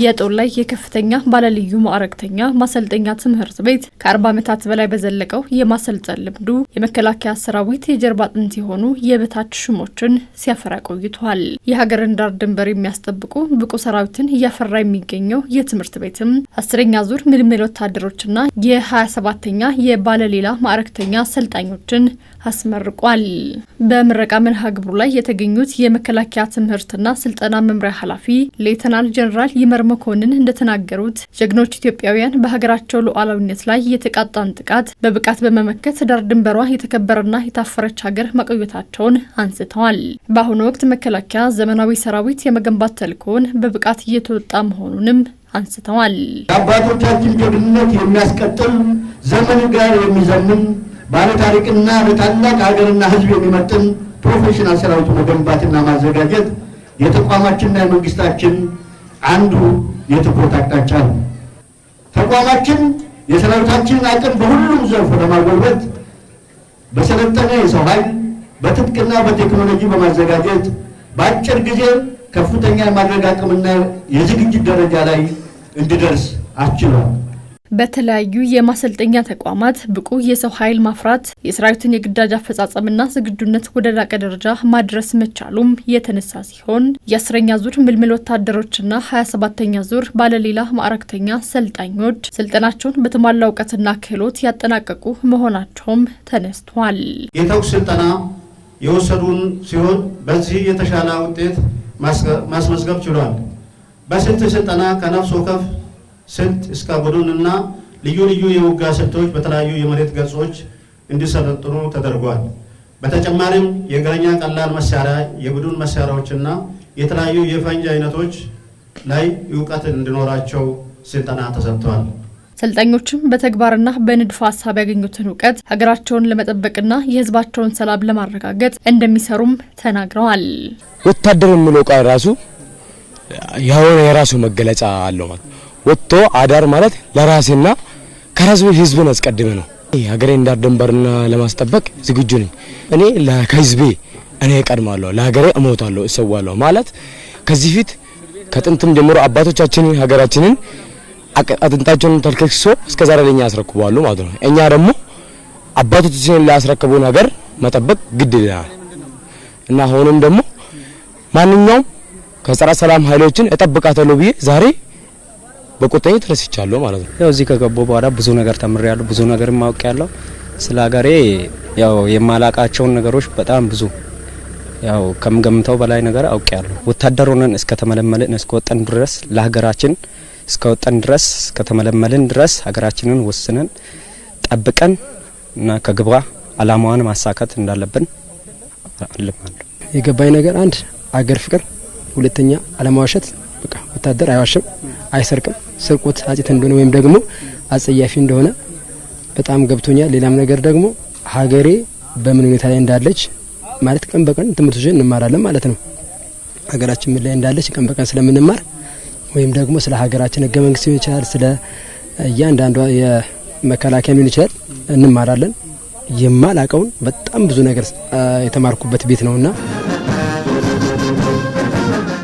የጦር ላይ የከፍተኛ ባለልዩ ማዕረግተኛ ማሰልጠኛ ትምህርት ቤት ከ ከ40 ዓመታት በላይ በዘለቀው የማሰልጠን ልምዱ የመከላከያ ሰራዊት የጀርባ አጥንት የሆኑ የበታች ሹሞችን ሲያፈራ ቆይቷል። የሀገርን ዳር ድንበር የሚያስጠብቁ ብቁ ሰራዊትን እያፈራ የሚገኘው የትምህርት ቤትም አስረኛ ዙር ምልምል ወታደሮችና የ የ27ተኛ የባለሌላ ማዕረግተኛ አሰልጣኞችን አስመርቋል። በምረቃ መርሃ ግብሩ ላይ የተገኙት የመከላከያ ትምህርትና ስልጠና መምሪያ ኃላፊ ሌተናል ጀኔራል ይመር ጃዋር መኮንን እንደተናገሩት ጀግኖች ኢትዮጵያውያን በሀገራቸው ሉዓላዊነት ላይ የተቃጣን ጥቃት በብቃት በመመከት ዳር ድንበሯ የተከበረና የታፈረች ሀገር መቆየታቸውን አንስተዋል። በአሁኑ ወቅት መከላከያ ዘመናዊ ሰራዊት የመገንባት ተልእኮውን በብቃት እየተወጣ መሆኑንም አንስተዋል። የአባቶቻችን ጀግንነት የሚያስቀጥል ዘመን ጋር የሚዘምን ባለታሪክና ለታላቅ ሀገርና ሕዝብ የሚመጥን ፕሮፌሽናል ሰራዊት መገንባትና ማዘጋጀት የተቋማችንና የመንግስታችን አንዱ የትኩረት አቅጣጫ ነው። ተቋማችን የሰራዊታችንን አቅም በሁሉም ዘርፍ ለማጎልበት በሰለጠነ የሰው ኃይል በትጥቅና በቴክኖሎጂ በማዘጋጀት በአጭር ጊዜ ከፍተኛ የማድረግ አቅምና የዝግጅት ደረጃ ላይ እንዲደርስ አስችሏል። በተለያዩ የማሰልጠኛ ተቋማት ብቁ የሰው ኃይል ማፍራት የሰራዊትን የግዳጅ አፈጻጸምና ዝግጁነት ወደ ላቀ ደረጃ ማድረስ መቻሉም የተነሳ ሲሆን የአስረኛ ዙር ምልምል ወታደሮችና ሀያ ሰባተኛ ዙር ባለሌላ ማዕረግተኛ ሰልጣኞች ስልጠናቸውን በተሟላ እውቀትና ክህሎት ያጠናቀቁ መሆናቸውም ተነስቷል። የተኩስ ስልጠና የወሰዱን ሲሆን በዚህ የተሻለ ውጤት ማስመዝገብ ችሏል። በስልት ስልጠና ከነፍስ ወከፍ ስልት እስካጎዶንና ልዩ ልዩ የውጋ ስልቶች በተለያዩ የመሬት ገጾች እንዲሰለጥኑ ተደርጓል። በተጨማሪም የእግረኛ ቀላል መሳሪያ፣ የቡድን መሳሪያዎችና የተለያዩ የፈንጅ አይነቶች ላይ እውቀት እንዲኖራቸው ስልጠና ተሰጥቷል። ሰልጣኞችም በተግባርና በንድፈ ሀሳብ ያገኙትን እውቀት ሀገራቸውን ለመጠበቅና የሕዝባቸውን ሰላም ለማረጋገጥ እንደሚሰሩም ተናግረዋል። ወታደር የሚለው ቃል ራሱ የሆነ የራሱ መገለጫ አለው ማለት ወጥቶ አዳር ማለት ለራሴና ከራሱ ህዝብን አስቀድመ ነው። ሀገሬን ዳር ድንበርና ለማስጠበቅ ዝግጁ ነኝ። እኔ ከህዝቤ እኔ እቀድማለሁ፣ ለሀገሬ እሞታለሁ፣ እሰዋለሁ ማለት ከዚህ ፊት ከጥንትም ጀምሮ አባቶቻችን ሀገራችንን አጥንታቸውን ተልከክሶ እስከ ዛሬ ለኛ ያስረክባሉ ማለት ነው። እኛ ደግሞ አባቶቻችንን ላያስረክቡን ሀገር መጠበቅ ግድ ይለናል እና ሆኖም ደግሞ ማንኛውም ከጸረ ሰላም ኃይሎችን እጠብቃታለሁ ብዬ ዛሬ በቁርጠኝነት ረስቻለሁ ማለት ነው። ያው እዚህ ከገባሁ በኋላ ብዙ ነገር ተምሬያለሁ። ብዙ ነገር ማወቅ ያለው ስለ ሀገሬ ያው የማላቃቸውን ነገሮች በጣም ብዙ ያው ከምገምተው በላይ ነገር አውቅ ያለሁ። ወታደር ሆነን እስከ ተመለመልን እስከ ወጠን ድረስ ለሀገራችን እስከ ወጠን ድረስ እስከ ተመለመልን ድረስ ሀገራችንን ወስነን ጠብቀን እና ከግባ አላማዋን ማሳካት እንዳለብን አልማለሁ። የገባኝ ነገር አንድ አገር ፍቅር፣ ሁለተኛ አለማዋሸት በቃ ወታደር አይዋሽም፣ አይሰርቅም። ስርቆት አጽት እንደሆነ ወይም ደግሞ አጸያፊ እንደሆነ በጣም ገብቶኛል። ሌላም ነገር ደግሞ ሀገሬ በምን ሁኔታ ላይ እንዳለች ማለት ቀን በቀን ትምህርቶችን እንማራለን ማለት ነው። ሀገራችን ምን ላይ እንዳለች ቀን በቀን ስለምንማር ወይም ደግሞ ስለ ሀገራችን ህገ መንግስት ሊሆን ይችላል፣ ስለ እያንዳንዷ የመከላከያ ሊሆን ይችላል እንማራለን። የማላቀውን በጣም ብዙ ነገር የተማርኩበት ቤት ነውና